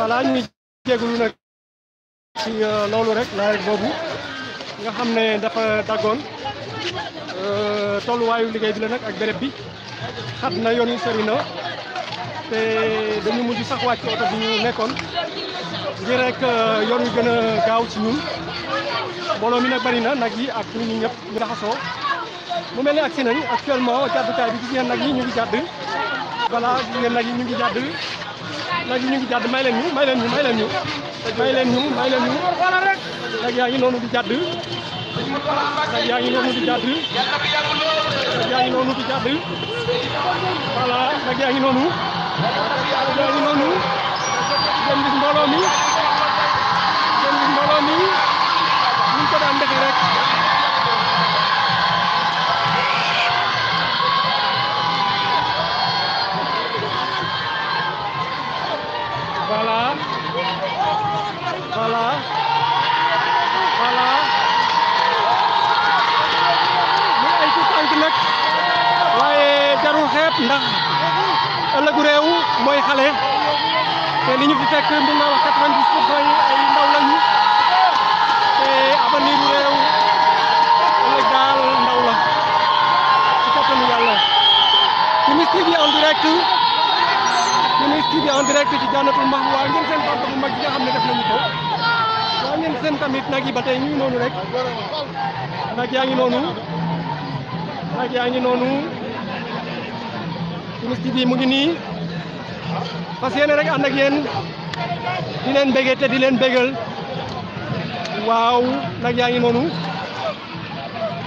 voilà ñuy jégalu nag ci euh, loolu rek nawet boobu nga xam ne dafa daggoon euh, tolluwaayu liggéey bi la nag ak béréb bi xat na yoon wi sori na te dañu mujj sax wàcc oto bi ñu nekkoon ngir rek euh, yoon wi gaaw ci ñun mbooloo mi nag bari na nag yi ak nit ñi ñëpp ñu raxasoo mu mel ni agsi nañ actuellement jàddukaay bi gis ngeen nag yi ñu ngi jàdd voilà ngeen nag yi ngi jàdd nag ñu ngi jàdd may leen ñu may leen ñu may leen ñu may leen ñu may leen ñu nag yaa ngi noonu di jàdd nag yaa ngi noonu di jàdd nag yaa ngi noonu di jàdd voilà nag yaa ngi noonu yaa ngi noonu ngeen gis mbooloo mi ngeen gis mbooloo mi ñu ko daan defee rek lépp ndax ëllëgu réew mooy xale te li ñu fi fekk mën naa wax 90 pour cent yi ay ndaw lañu te avenir bu réew ëllëg daal ndaw bi en direct ministre bi en direct ci Jannatul Mahwa waa ngeen seen bant bu mag bi nga xam ne def nañu ko waa ngeen seen tamit nag yi ba tey ñu ngi noonu rek nag yaa ngi noonu nag yaa ngi noonu Toulouse TV begini, pasien nii fas yéene rek ànd ak yéen di leen béggee te di leen béggal waaw nag yaa ngi noonu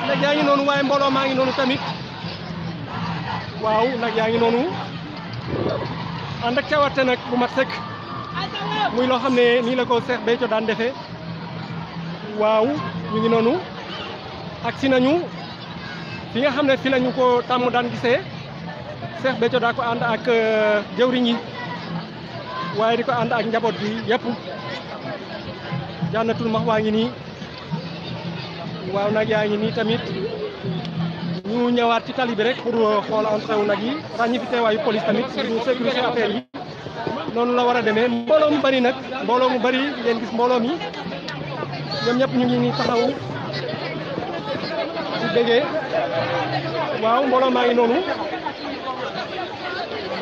nag yaa ngi noonu waaye mbooloo maa ngi noonu tamit Wow, nag yaa ngi noonu ànd ak cawarte nag bu mat sëkk muy loo xam ne la ko Cheikh Béthio daan defee waaw ñu ngi noonu agsi nañu fi nga xam fi lañu ko tàmm daan gisee Cheikh Béthio da ko and ak jëwriñ waye diko and ak njabot bi yep ya Jannatul Mahwa ngi nii waaw nak yaangi ni tamit ñu ñëwaat ci tali rek pour xol entrée wu nag yi rañi fi teewaayu police tamit ñu sécurité affaire yi noonu la wara démé demee mu bari nak mbooloo mu bari ngeen gis mbooloo mi ñom ñep ñu ngi ni taxaw di dégé waaw mbooloo ma ngi nonu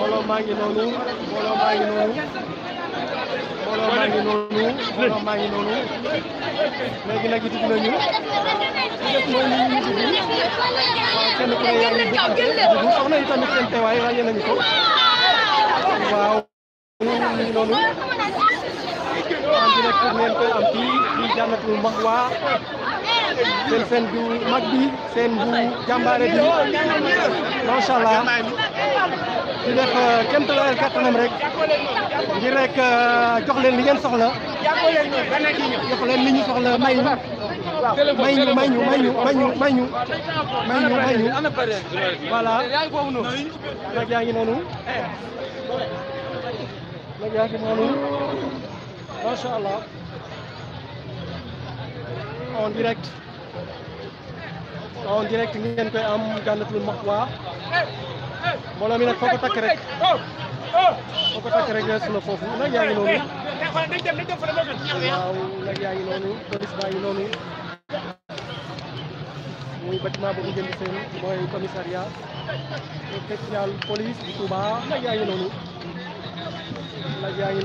mbooloo maa ngi noonu mbooloo maa ngi noonu mbooloo maa ngi noonu mbooloo maa ngi noonu léegi nag dugg nañu li des mooy nit ñi dugg waaw kenn ku ne yaa ngi dugg dugg soxna yi tamit seen teewaay ràññee nañu ko waaw ñu ngi noonu en direct ngeen koy am fii fii Jannatul Mahwa seen seen bu mag bi seen bu jàmbaare bi macha allah di def euh, kéem tolluwaayal kattanam rek ngir rek euh, jox leen li ngeen soxla jox leen li ñu soxla may ñu may ñu may ñu may ñu voilà nag yaa ngi noonu nag yaa ngi noonu macha allah en direct ngeen koy am Jannatul Mahwa mbooloo mi nag foo ko takk rek foo yaa ngi waaw nag yaa ngi noonu baa ngi noonu muy bâtiment boobu jënd seen mooy commissariat spécial police bu Touba nag yaa ngi noonu yaa ngi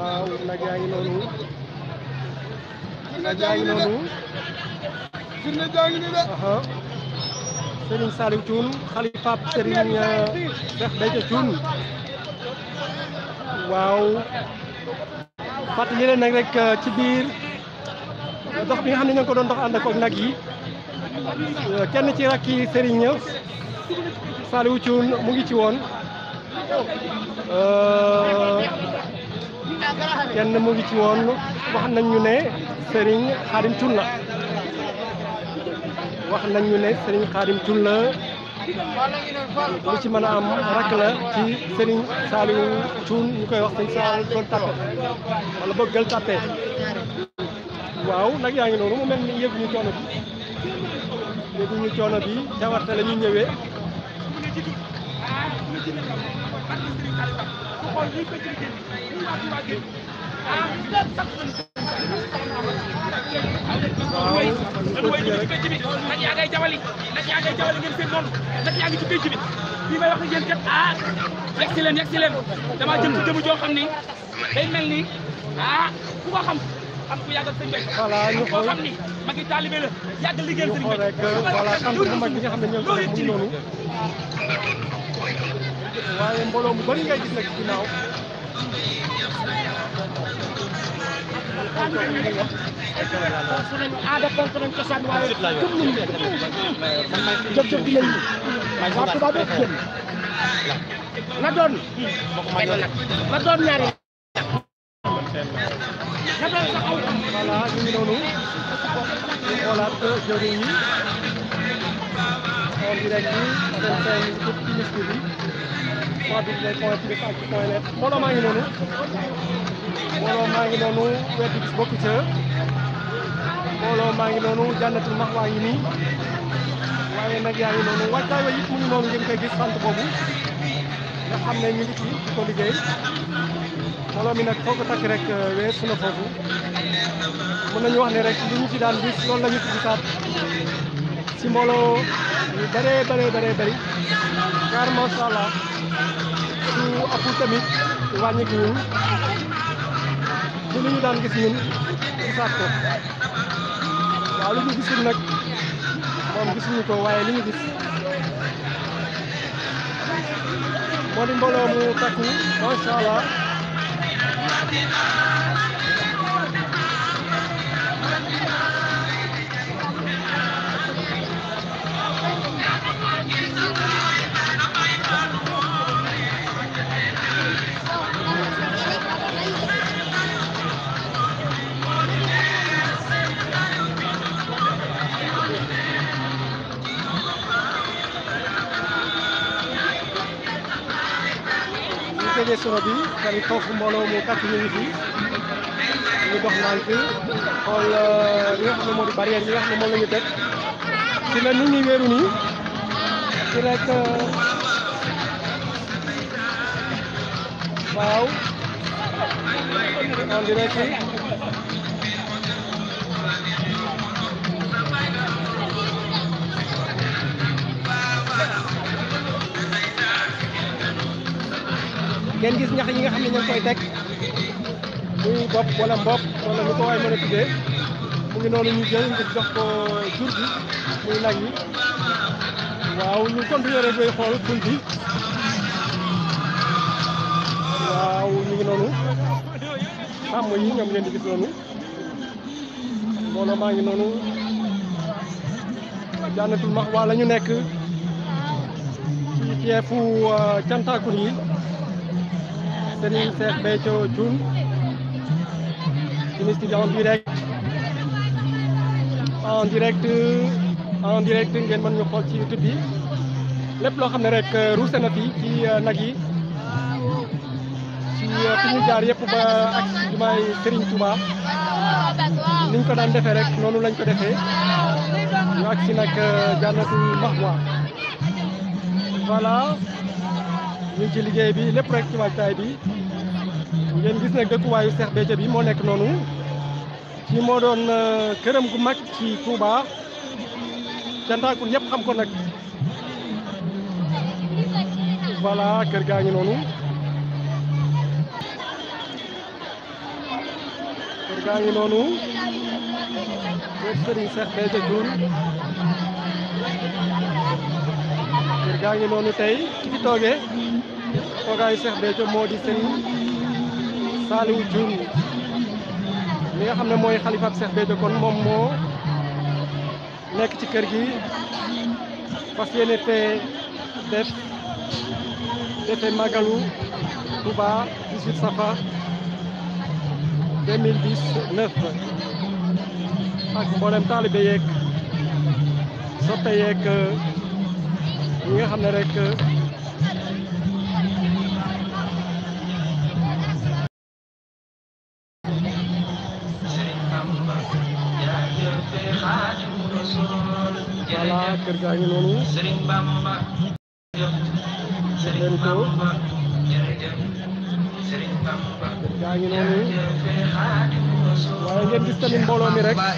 waaw nag yaa ngi noonu yaa ngi noonu Serigne Saliou Thioune xalifaab Serigne euh, Cheikh Béthio Thioune waaw fàttali leen nag rek euh, ci biir dox bi nga xam ne ñoo ko doon dox ànd ak nag yi euh, kenn ci rakki Serigne Saliou Thioune mu ngi ci woon kenn mu ngi ci woon wax nañ ñu ne sëriñ Khadim Thioune la. wax nañ ñu ne Serigne Khadim Thioune la lu ci mën a am rakk la ci Serigne Saliou Thioune ñu koy wax Serigne Saliou Thioune Tapé wala boog Gueule Tapé waaw nag yaa ngi noonu mu mel ni yëguñu coono bi yëguñu coono bi jawarte la ñu ñëwee waaw lan mooy dugg ci jawali nag yaa jawali ngeen seen noonu nag yaa ngi ci pénc bi fii may wax ak yéen kat ah yegg si leen yegg si leen damaa jëm ci jëmu joo xam ni day mel ni ah ku ko xam xam ku yàggal sëñ Béthio. voilà xam ni magi taalibe la yàgg liggéeyal sëñ Béthio. voilà xam nga mag bi nga xam ne ñoom tamit mu ngi noonu. waaye mbooloo mu bëri ngay gis nag ginnaaw. fonk nañu aada fonk nañu cosaan waaye gëm nañu ne jëf-jëf bi lañu waa tubaab yëpp génn na doon benn nag na doon ñaari na doon sa aw voilà ñu ngi noonu ñu xoolaat jëriñ yi en direct bi seen seen groupe ministre bi point bi point net mbooloo maa ngi noonu mbooloo maa ngi noonu wetu bis bokku mbooloo maa ngi noonu jànnatul max waa ngi waaye nag yaa ngi noonu wàccaay wa mu ngi noonu ngeen gis sant boobu nga xam ne ngi ci di liggéey mbooloo mi nag foo ko takk rek euh, weesu na foofu mën nañu wax ne rek li ñu ci daan gis loolu la ñu ci mbooloo yu bëree bëree bëree bëri su apul tamit wàññi gi ñun li ñu daan gis ñun gisaat ko waaw li ñu gisul nag moom gisuñu waaye li ñu gis moo di mbooloo mu takku allah tëjee solo bi tamit foofu mbooloo mu takk ñu ngi fi ñu dox ndànk xool euh, li nga di barrière yi nga xam ne moom la ñu teg ci la nit ñi wéeru nii waaw on dirait ngeen gis ñax yi nga xam ne ñu koy teg muy bopp wala mbopp wala lu ko waay mën mu ngi noonu ñu jël ngi noonu mbooloo maa ngi noonu Jannatul Mahwa la ñu nekk ci ceefu euh, cantaakun yi Serigne Cheikh Béthio Thioune ministre bi en direct en direct en direct ngeen mën ñu xool ci YouTube bi lépp loo xam ne rek euh, ruuse na fi ci euh, nag yi ci euh, fi ñu jaar yëpp ba ak jumaay Serigne Touba niñ ko daan defee rek noonu lañ ko defee ñu ak si nag Jannatul Mahwa voilà ñu ngi ci bi lépp rek ci waajtaay bi ngeen gis na dëkkuwaayu Cheikh Béthio bi moo nekk noonu ci moo doon euh, këram gu mag ci Touba Cantakul ñëpp xam ko nag voilà kër gaa ngi noonu kër gaa ngi noonu kër gaa ngi noonu tey ki fi toogee toogaayu Cheikh Béthio moo di Serigne Saliou Diouf mi nga xam ne mooy xalifa Cheikh Béthio kon moom moo nekk ci kër gi fas yéene fee def defe màggalu Touba 18 ak mboolem taalibe yeeg soppe yeeg ñi nga xam ne rek. kër gaa ngi noonu def leen ko kër gaa ngi noonu waaye ngeen gis tamit mbooloo mi rek mbooloo maa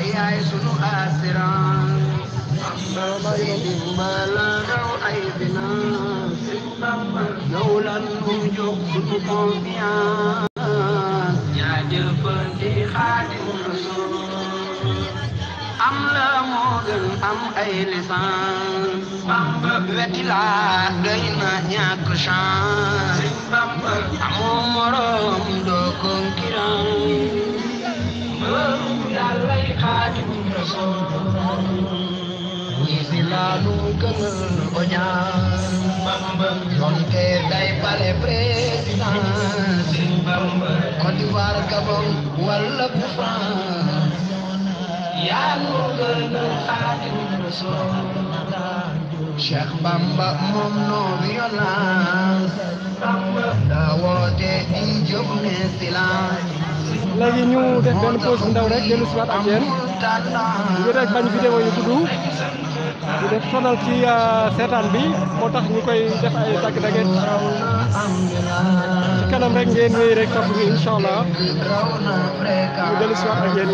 ngi noonu. gën am ay licence wet laa doy na ñàkk chance amoo morom doo concurrence mërum yàllay xaatim rasul ñiisi laa lu gënal oñaan yoon kee day bale présidence Côte d'Ivoire Gabon wala bu France yaa a ñu def benn pause bu ndaw rek dellu si waat ak yéen ñu bañ vidéo yu tudd di def sonal ci euh, seetaan bi moo tax ñu koy def ay dagg-dagget ci kanam rek ngeen wéy rek topp bi incha allah si waat ak yéen